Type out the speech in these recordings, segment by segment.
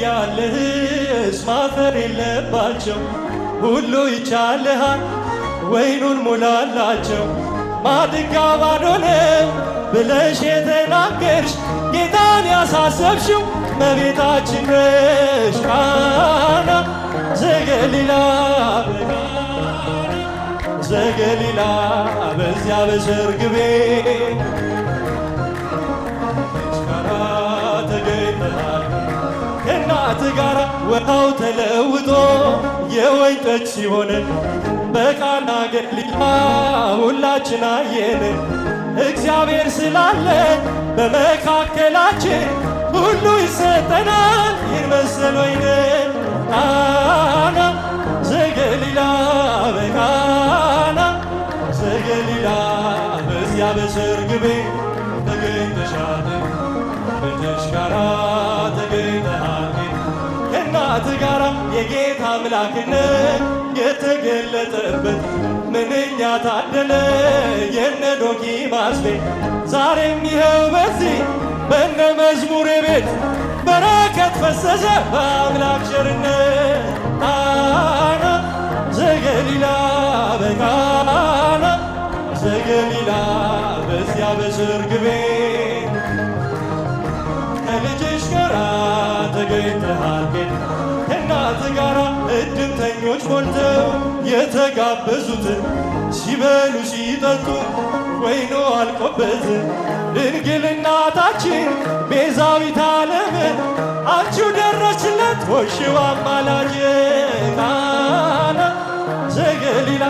እያለህስ ማፈር የለባቸው ሁሉ ይቻልሃል ወይኑን ሙላላቸው ማድጋ ባዶ ነው ብለሽ የተናገርሽ ጌታን ያሳሰብሽው መቤታችን ነሽ ቃና ዘገሊላ ዘገሊላ በዚያ በሰርግ ቤት ውሃው ተለውጦ የወይን ጠጅ ሲሆን በቃና ገሊላ ሁላችን አየን። እግዚአብሔር ስላለ በመካከላችን ሁሉ ይሰጠናል። ይርመስል ወይን ቃና ዘገሊላ በቃና ዘገሊላ በዚያ በሰርግ ቤት ተገኝተሻል፣ ተገኝተሃል ከአባት ጋራ የጌታ አምላክነት የተገለጠበት ምንኛ ታደለ የነ ዶኪማስ ቤት ዛሬም ይኸው በዚህ በነ መዝሙር ቤት በረከት ፈሰሰ በአምላክ ቸርነት ከአንተ ጋር እድምተኞች ሞልተው የተጋበዙትን ሲበሉ ሲጠጡ ወይኖ አልቆበት ድንግል እናታችን ቤዛዊት ዓለም አንቺው ደረስለት ወሽዋ አማላጅና ዘገሊላ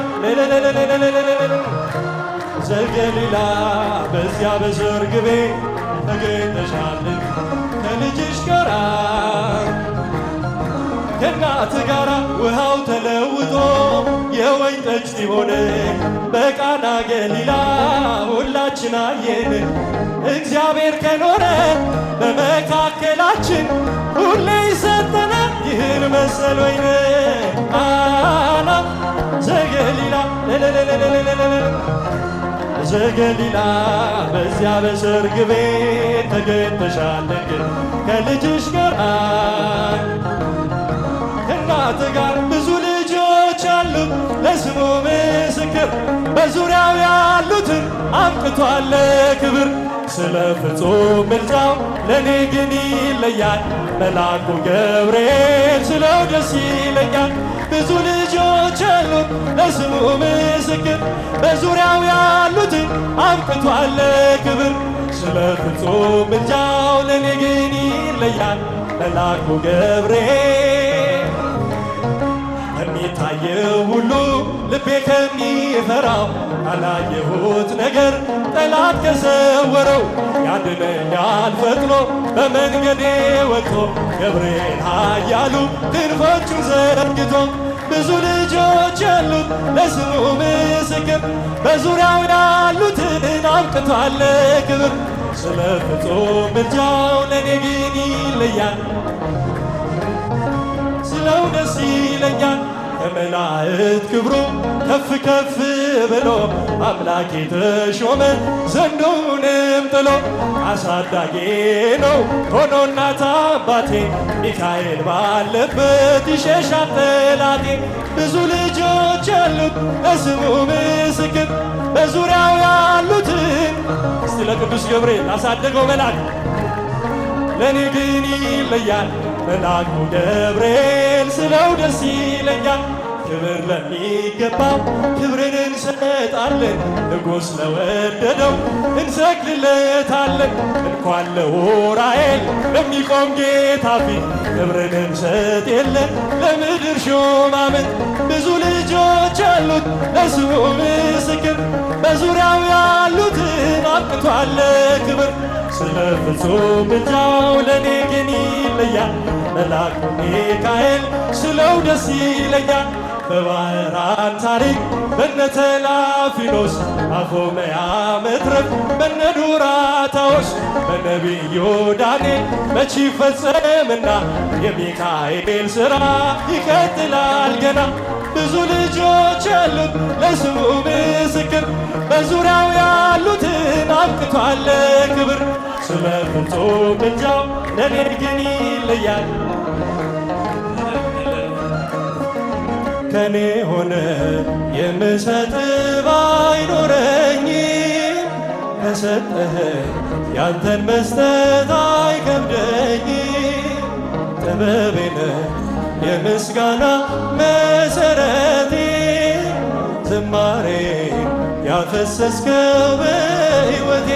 ዘገሊላ በዚያ በሰርግ ቤት ተገኝተሻልን ከልጅሽ ጋር ከእናት ጋራ ውሃው ተለውጦ የወይን ጠጅ ሲሆን በቃና ገሊላ ሁላችን አየን። እግዚአብሔር ከኖረ በመካከላችን ሁሌ ይሰጠናል ይህን መሰል ወይን ቃና ዘገሊላ ዘገሊላ በዚያ በሰርግ ቤት ተገኝተሻል ግን ከልጅሽ ጋር ከአንተ ጋር ብዙ ልጆች አሉ ለስሙ ምስክር በዙሪያው ያሉትን አብቅቷል ክብር ስለ ፍጹም ምልጃው ለእኔ ግን ይለያል መልአኩ ገብርኤል ስለው ደስ ይለኛል ብዙ ልጆች አሉት ለስሙ ምስክር በዙሪያው ያሉትን አብቅቷል ክብር ስለ ፍጹም ምልጃው ለእኔ ግን ይለያል መልአኩ ገብርኤል ከሚታየው ሁሉ ልቤ ከሚፈራው ካላየሁት ነገር ጠላት ከሰወረው ያድነኛል ፈጥኖ በመንገዴ ወጥቶ ገብርኤል ኃያሉ ክንፎቹን ዘርግቶ ብዙ ልጆች ያሉት ለስሙ ምስክር በዙሪያው ያሉትን አብቅቷል ክብር ስለ ፍጹም ምልጃው ለእኔ ግን ይለያል ስለው ደስ ይለኛል ከመላእክት ክብሩ ከፍ ከፍ ብሎ አምላክ የተሾመ ዘንዶውንም ጥሎ አሳዳጌ ነው ሆኖ እናት አባቴ ሚካኤል ባለበት ይሸሻል ጠላቴ። ብዙ ልጆች ያሉት ለስሙ ምስክር በዙሪያው ያሉትን እስቲ ለቅዱስ ገብርኤል አሳደገው መልአክ ለእኔ ግን ይለያል መልአኩ ገብርኤል ስለው ደስ ይለኛል። ክብር ለሚገባው ክብርን እንሰጣለን። ንጉሥ ለወደደው እንሰግድለታለን። እንኳን ለዑራኤል ለሚቆም ጌታ ፊት ክብርን እንሰጥ የለ ለምድር ሹማምንት ብዙ ልጆች አሉት ለስሙ ምስክር በዙሪያው ያሉት አብቅቷል ክብር ስለ ፍጹም ምልጃው ለእኔ ግን ይለያል መላኩ ሚካኤል ስለው ደስ ይለኛል በባህራን ታሪክ በነ ተላፊኖስ አፎመያ መትረፍ በነ ዱራታዎስ በነቢዩ ዳንኤል መች ይፈጸምና የሚካኤል ሥራ ይቀጥላል ገና ብዙ ልጆች ያሉት ለስሙ ምስክር በዙሪያው ያሉትን አብቅቷል ክብር ስመ ፍጹም ምልጃው ለኔ ግን ይለያል ከኔ ሆነ የምሰጥ ባይኖረኝ ከሰጠህ ያንተን መስጠት አይከብደኝ ጥበቤነ የምስጋና መሰረቴ ዝማሬ ያፈሰስከው በሕይወቴ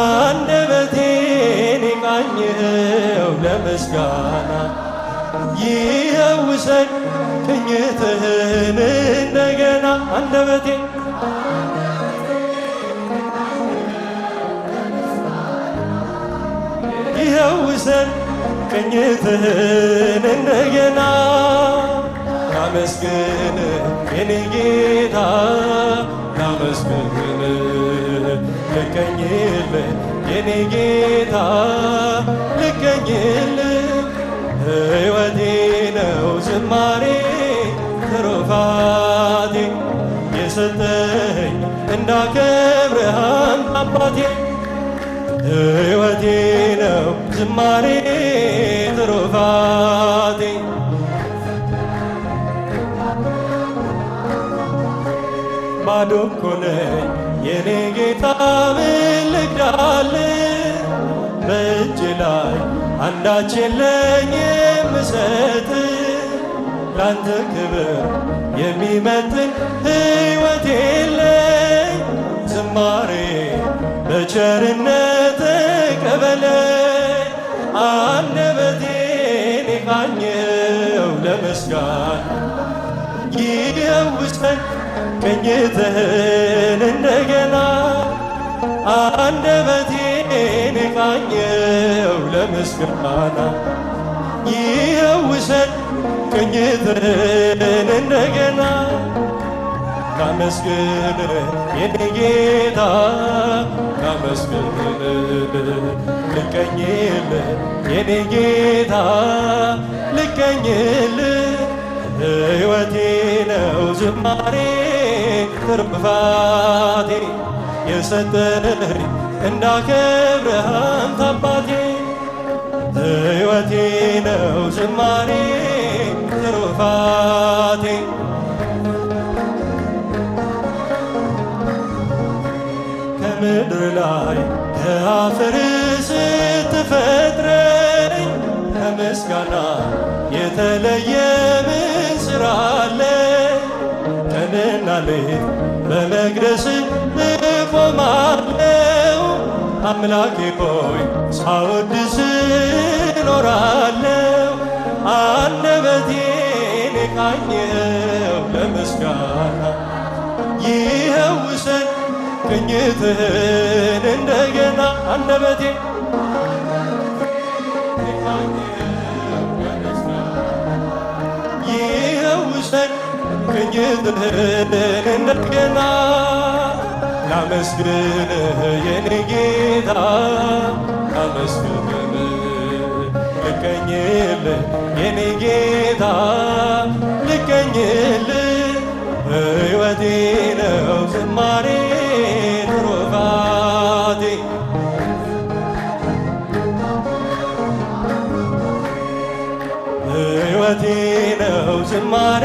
አንደበቴን ቃኝኸው ለምስጋና ይኸውሰን ቅኝትህን እንደገና አንደበቴ ይኸውሰን ቅኝትህን እንደገና ላመስግን የኔ ጌታ ላመስግን ልቀኝል የኔ ጌታ ልቀኝል ሕይወቴ ነው ዝማሬ ትሩፋቴ የሰጠኝ እንዳከብርህ አባቴ ሕይወቴ ነው ዝማሬ ትሩፋቴ ባዶ እኮ ነኝ የኔ ጌታ ምን ልክዳለሁ በእጅ ላይ አንዳች የለኝ የምሰጥ ላንተ ክብር የሚመጥን ሕይወት የለኝ ዝማሬ በቸርነት ቀበለኝ አንደበቴን ቃኘው ለመስጋን ይገውሰን ቀኝትህን እንደገና አንደበቴ ልቤን ቃኘው ለምስጋና ይኸውሰን ቅኝትን እንደገና ላመስግን የኔ ጌታ ላመስግን ልቀኝል የኔ ጌታ ልቀኝል ሕይወቴ ነው ዝማሬ ትርፍፋቴ የሰጠኝ እንዳከብረሃም አባቴ ሕይወቴ ነው ዝማሬ ትሩፋቴ ከምድር ላይ ከአፈር ስትፈጥረኝ ከምስጋና የተለየ ምን ስራ አለ? ቀንና ሌት በመቅደስ እቆማለሁ አምላኬ ሆይ ሳወድስ ኖራለሁ አንደበቴን ቃኘው ለምስጋና ይኸውሰን ቅኝትህን እንደገና አንደበቴ ይኸውሰን ቅኝትህን እንደገና ላመስግንህ የኔ ጌታ ላመስግንህ ልቀኝልህ የኔ ጌታ ልቀኝልህ ሕይወቴ ነው ዝማሬ ትሩፋቴ ሕይወቴ ነው ዝማሬ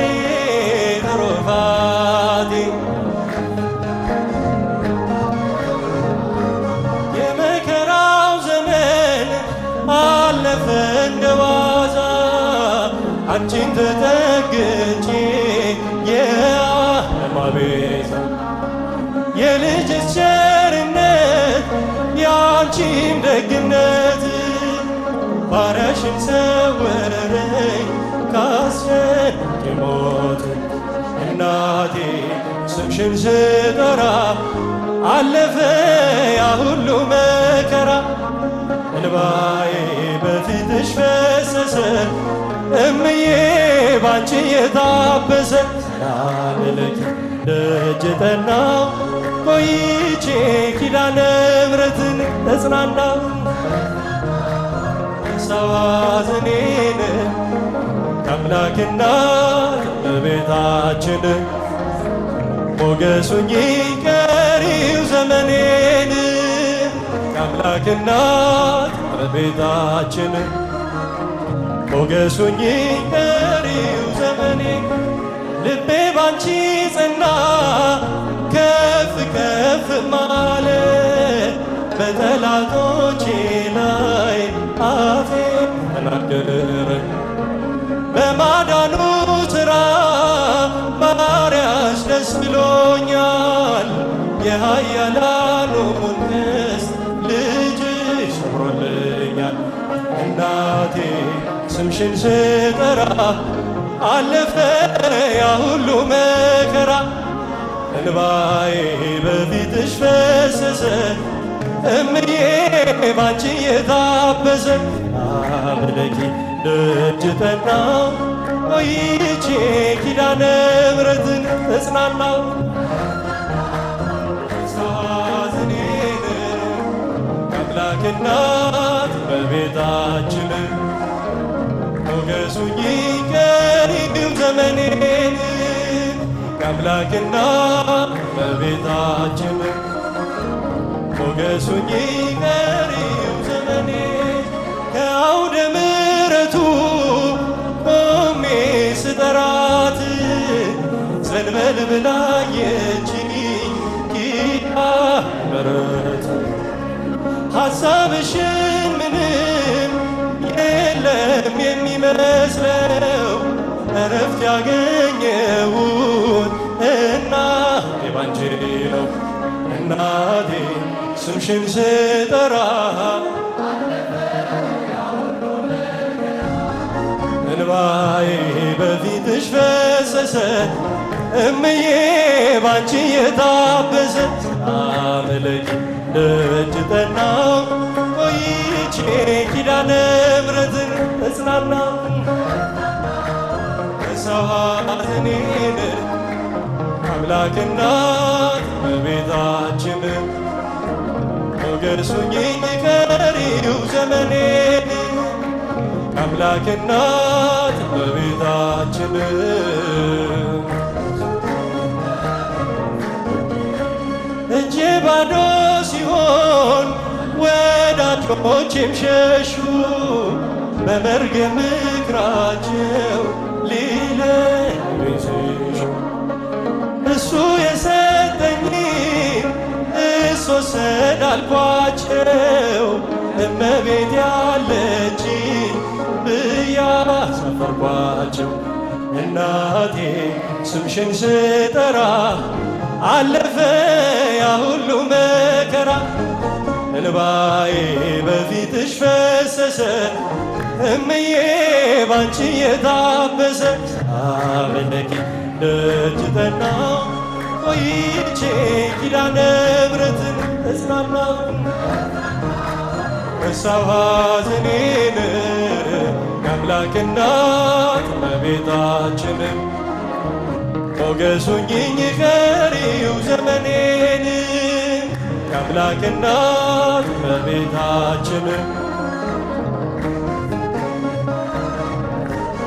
አለፈ እንደ አንቺን ተጠግቼ የዓለም ቤዛ ቸርነት የአንቺም ደግነት ባረሽን ሰወረኝ ካስጨነቀ ሞት እናቴ ስምሽን ስጠራ አለፈ ያ ሁሉ መከራ እንባዬ በፊትሽ ፈሰሰ እምዬ ባንቺ የታበሰ ሰላምልክ ደጅ ጠናው ቆይቼ ኪዳነ ምሕረትን ተጽናናው ሰዋዝኔን ከአምላክና ከእመቤታችን ሞገሱኝ ቀሪው ዘመኔን የአምላክ እናት እመቤታችን ሞገሱኝ ቀሪው ዘመኔ ልቤ ባንቺ ጽና ከፍ ከፍ ማለ በጠላቶቼ ላይ አፌ ተናገረ በማዳኑ ስራ ማርያሽ ደስ ብሎኛል የሀይ ስምሽን ስጠራ አለፈ ያ ሁሉ መከራ። እንባዬ በፊትሽ ፈሰሰ እምዬ ባንቺ የታበሰ አምልኪ ደጅ ጠናው ቆይቼ ኪዳነ ምሕረትን ተጽናናው ሳዝኔን አምላክናት በቤታችን ንገሱኝ ከሪቢው ዘመኔን ከአምላክና በቤታችን ሞገሱኝ ከሪቢው ዘመኔ ከአውደ ምሕረቱ ቆሜ ስጠራት ዘንበል ብላ የችኝ ኪዳ ምሕረት ሀሳብሽ ህልም የሚመስለው እረፍት ያገኘውን እናቴ ባንቺ ነው እናቴ ስምሽን ስጠራ እንባዬ በፊትሽ ፈሰሰ እምዬ ባንቺ የታበሰ አመለኝ ደጅ ጠናው ቆይቼ ኪዳነ አልታና የሰውሃኔን አምላክናት በቤታችን ሞገሱኝ ቀሪው ዘመኔን አምላክናት በቤታችን እጄ ባዶ ሲሆን ወዳጆቼም ሸሹ በመርገም እግራቸው ሊለብስ እሱ የሰጠኝ እሱ ወሰደ አልኳቸው እመቤት ያለች ብያ ሰፈርኳቸው እናቴ ስምሽን ስጠራ አለፈ ያ ሁሉ መከራ እንባዬ በፊትሽ ፈሰሰ እምዬ ባንቺ የታበሰ አብለኪ ደጅ ጠናው ቆይቼ ኪዳነ ምሕረትን እጽናናው ረሳሁ ሐዘኔን የአምላክ ሞገሱኝኝ ቀሪው ዘመኔን የአምላክ እናት